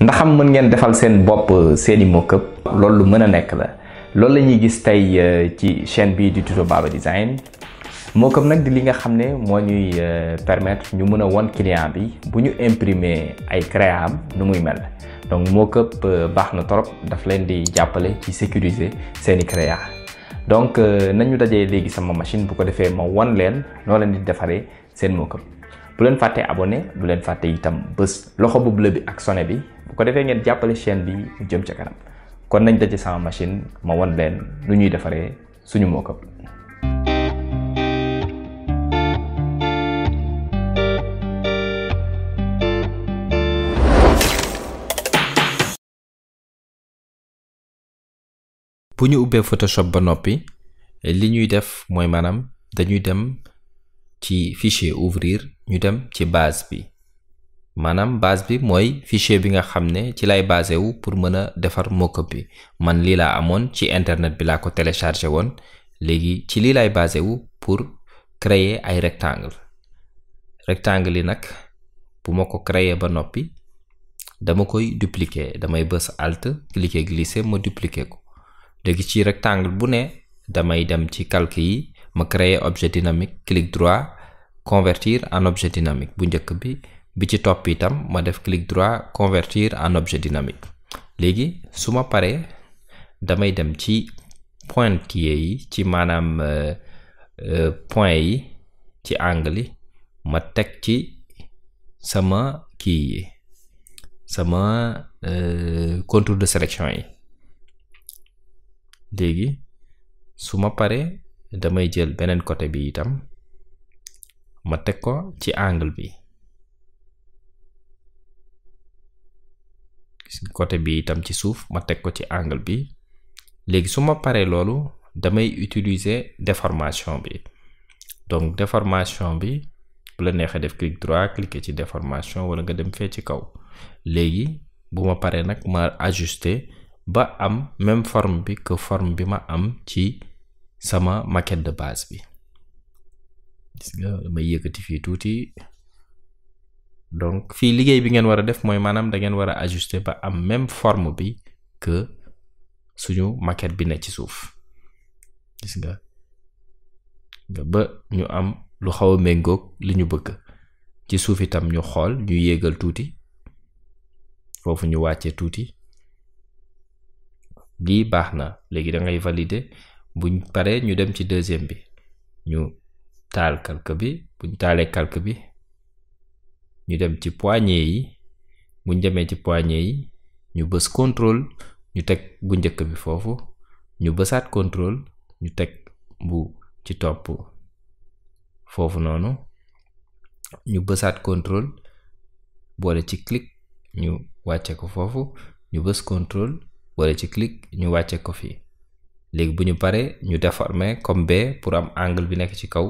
ndaxam mën ngeen defal seen bopp seeni mock-up loolu lu mën a nekk la loolu la ñuy gis tey euh, ci chaîne bi di tuto Baba Design moo up nag di li nga xam ne moo ñuy euh, permettre ñu mën a won client bi bu ñu imprimer ay créa am nu muy mel donc moo këpp euh, baax na trop daf leen di jàppale ci sécuriser seeni créa donc nañu dajee léegi sama machine bu ko defee ma won leen noo leen di defaree seen mock-up bu leen fàttee abone bu leen fàtte itam bés loxo bu bleu bi ak sonné bi bu ko defee ngeen jàppale chaîne bi mu jëm ca kanam kon nañ daje sama machine ma won leen lu ñuy defaree suñu mock-up bu ñu ubbee photoshop ba noppi li ñuy def mooy maanaam dañuy dem ci fichier ouvrir ñu dem ci base bi maanaam base bi mooy fichier bi nga xam ne ci lay basé wu pour mën a defar mockup bi man lii laa amoon ci internet bi laa ko téléchargé woon léegi ci lii lay basé wu pour créer ay rectangle rectangle yi nag bu ma ko créer ba noppi dama koy dupliquer damay bës alt cliquer glisser ma dupliquer ko léegi ci rectangle bu ne damay dem ci calque yi ma créer objet dynamique clic droit convertir en objet dynamique bu njëkk bi bi ci topp itam ma def clic droit convertir en objet dynamique léegi su ma paree damay dem ci point pointillés yi ci maanaam euh, euh, point yi ci angle yi ma teg ci sama kii sama euh, contour de sélection yi léegi su ma paree damay jël beneen côté bi itam ma teg ko ci angle bi côté bi itam ci suuf ma teg ko ci angle bi léegi su ma paree loolu damay utiliser déformation bi donc déformation bi bu la neexee def clic droit cliquer ci déformation wala nga dem fee ci kaw léegi bu ma paree nag ma ajuster ba am même forme bi que forme bi ma am ci sama maquette de base bi damay yëkkati fii tuuti donc fii liggéey bi ngeen war a def mooy maanaam da ngeen war a ajuster ba am même forme bi que suñu maquette bi ne ci suuf gis nga ba ñu am lu xaw a méngoog li ñu bëgg ci suuf itam ñu xool ñu yéegal tuuti foofu ñu wàccee tuuti lii baax na léegi da ngay buñ paree ñu dem ci deuxième bi ñu taal calque bi buñ taalee calque bi ñu dem ci poignée yi bu ñu demee ci poignée yi ñu bës contrôle ñu teg bu njëkk bi foofu ñu bësaat contrôle ñu teg bu ci topp foofu noonu ñu bësaat contrôle boole ci clic ñu wàcce ko foofu ñu bës contrôle boole ci clic ñu wàccee ko fii léegi bu ñu paree ñu déformer comme bee pour am angle bi nekk ci kaw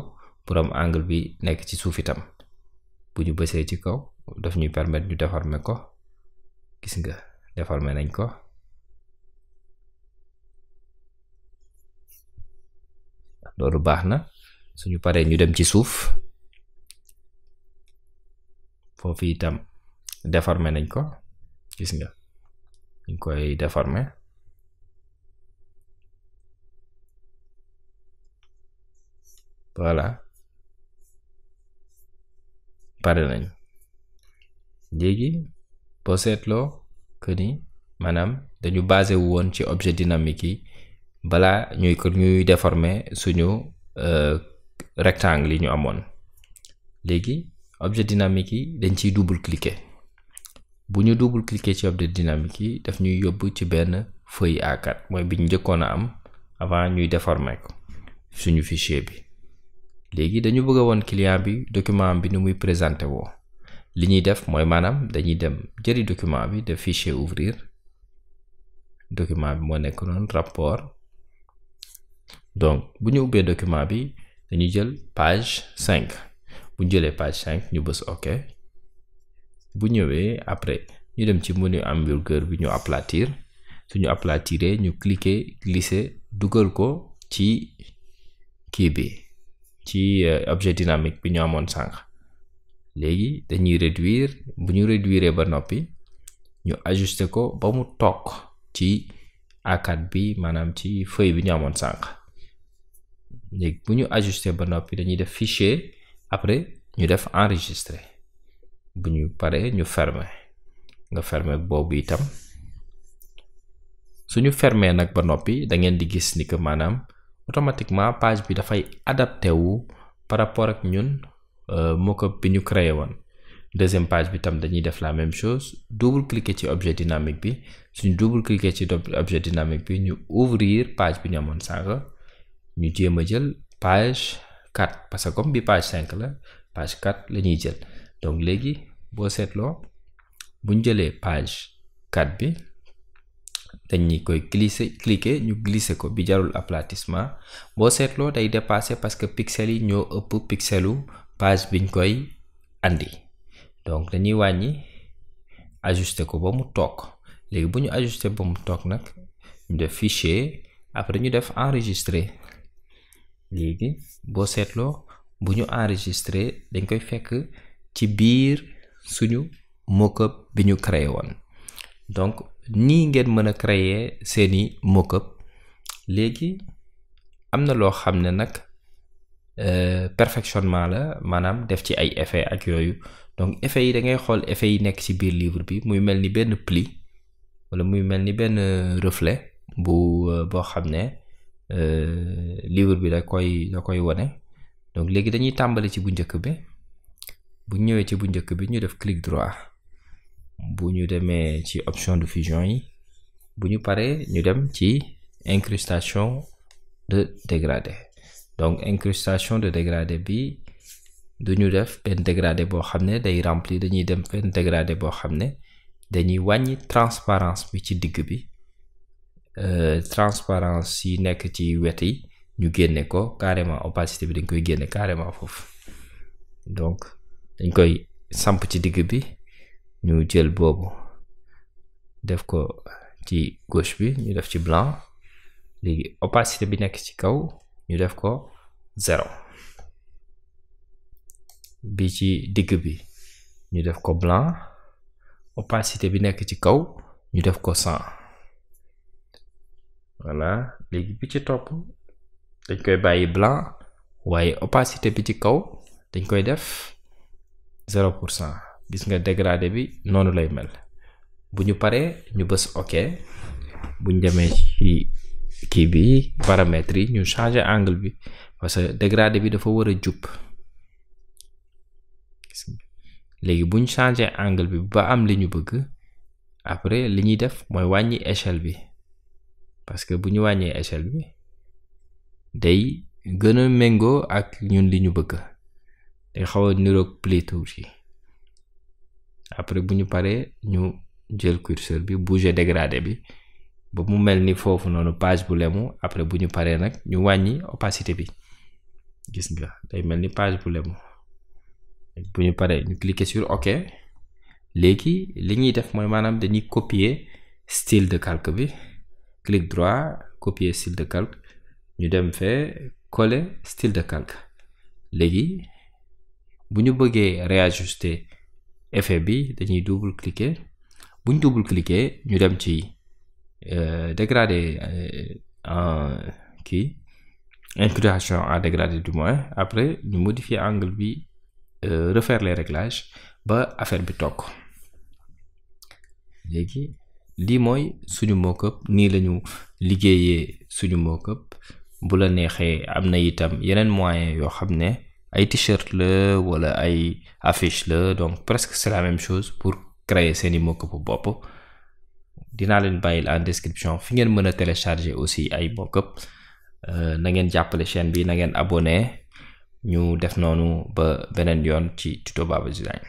pour am angle bi nekk ci suuf itam bu ñu bësee ci kaw def ñuy permettre ñu déformer ko gis nga déformer nañ ko loolu baax na suñu paree ñu dem ci suuf foofu itam déformer nañ ko gis nga ñu koy déformer voilà pare nañ léegi boo seetloo que ni maanaam dañu basé wu woon ci objet dynamique yi balaa ñuy ko ñuy déformer suñu euh, rectangle yi ñu amoon léegi objet dynamique yi dañ ciy double cliquer bu ñu double cliquer ci objet dynamique yi daf ñuy yóbbu ci benn feuille a mooy bi ñu njëkkoon a am avant ñuy déformer ko suñu fichier bi léegi dañu bëgg woon client bi document bi ni muy présenté woo li ñuy def mooy maanaam dañuy dem jëri document bi def fichier ouvrir document bi moo nekk noonu rapport donc bu ñu ubbee document bi dañu jël page 5 bu ñu jëlee page 5 ñu bës ok bu ñëwee après ñu dem ci menu hamburger bi ñu aplatir suñu aplatiree ñu cliquer glisser dugal ko ci kii bi ci euh, objet dynamique bi ñu amoon sànq léegi dañuy réduire bu ñu réduire ba noppi ñu ajuster ko ba mu toog ci a bi maanaam ci feuille bi ñu amoon sànq léegi bu ñu ajuster ba noppi dañuy def fichier après ñu def enregistrer bu ñu paree ñu fermer nga fermer boobu itam suñu fermer nag ba noppi da ngeen di gis ni que maanaam automatiquement page bi dafay adapté wu par rapport ak ñun euh, mockup bi ñu créer woon deuxième page bi tam dañuy def la même chose double cliquer ci objet dynamique bi suñu double cliquer ci objet dynamique bi ñu ouvrir page bi ñu amoon sànq ñu jéem a jël page 4 parce que comme bi page 5 la page 4 la ñuy jël donc léegi boo seetloo bu ñu jëlee page 4 bi. dañuy koy glisser cliquer ñu glisser ko bi jarul aplatissement boo seetloo day dépasser parce que pixel yi ñoo ëpp pixelu page biñ koy andi donc dañuy wàññi ajuster ko ba mu toog léegi bu ñu ajuster ba mu toog nag ñu def fichier après ñu def enregistrer léegi boo seetloo bu ñu enregistrer dañ koy fekk ci biir suñu mockup bi ñu créé woon donc nii ngeen mën a créer seeni mockup léegi am na loo xam ne nag euh, perfectionnement la maanaam def ci ay effet ak yooyu donc effet yi da ngay xool effet yi nekk ci biir livre bi muy mel ni benn pli wala muy mel ni benn reflet bu euh, boo xam ne euh, livre bi da koy da koy wane donc léegi dañuy tàmbali ci bu njëkk bi bu ñëwee ci bu njëkk bi ñu def clic droit bu ñu demee ci option de fusion yi bu ñu paree ñu dem ci incrustation de dégradé donc incrustation de dégradé bi du ñu def benn dégradé boo xam ne day rempli dañuy dem benn dégradé boo xam ne dañuy wàññi transparence bi ci digg bi euh, transparence yi nekk ci wet yi ñu génne ko carrément opacité bi dañ koy génne carrément foofu donc dañ koy samp ci digg bi ñu jël boobu def ko ci gauche bi ñu def ci blanc léegi opacité bi nekk ci kaw ñu def ko zéro bi ci digg bi ñu def ko blanc opacité bi nekk ci kaw ñu def ko cent voilà léegi bi ci topp dañ koy bàyyi blanc waaye opacité bi ci kaw dañ koy def zéro pour cent gis nga dégradé bi noonu lay mel bu ñu paree ñu bës ok bu ñu ci kii bi paramètres yi ñu changer angle bi parce que dégradé bi dafa war a jub léegi buñ ñu changer angle bi ba am li ñu bëgg après li ñuy def mooy wàññi échelle bi parce que bu ñu wàññee échelle bi day gën a méngoo ak ñun li ñu bëgg day xaw a niroog pli après bu ñu paree ñu jël curseur bi bouger dégradé bi ba mu mel ni foofu noonu page bu lemu après bu ñu paree nag ñu wàññi opacité bi gis nga day mel ni page bu lemu bu ñu paree ñu cliquer sur OK léegi li ñuy def mooy maanaam dañuy copier style de calque bi clic droit copier style de calque ñu dem fee coller style de calque léegi bu ñu bëggee réajuster effet bi dañuy double cliquer buñ double cliquer ñu dem ci euh, dégradé euh, en kii incrudation en dégradé du moins après ñu modifier angle bi euh, refaire les réglages ba affaire bi toog léegi lii mooy suñu mockup nii lañu liggéeyee suñu mockup bu la neexee am na itam yeneen moyen yoo xam ne ay t-shirt la wala ay affiche la donc presque c'est la même chose pour créer seeni mockup bopp dinaa leen bàyyil en description fi ngeen mën a télécharger aussi ay mockup euh, na ngeen jàppale chaîne bi na ngeen abonné ñu def noonu ba beneen yoon ci tuto Baba Design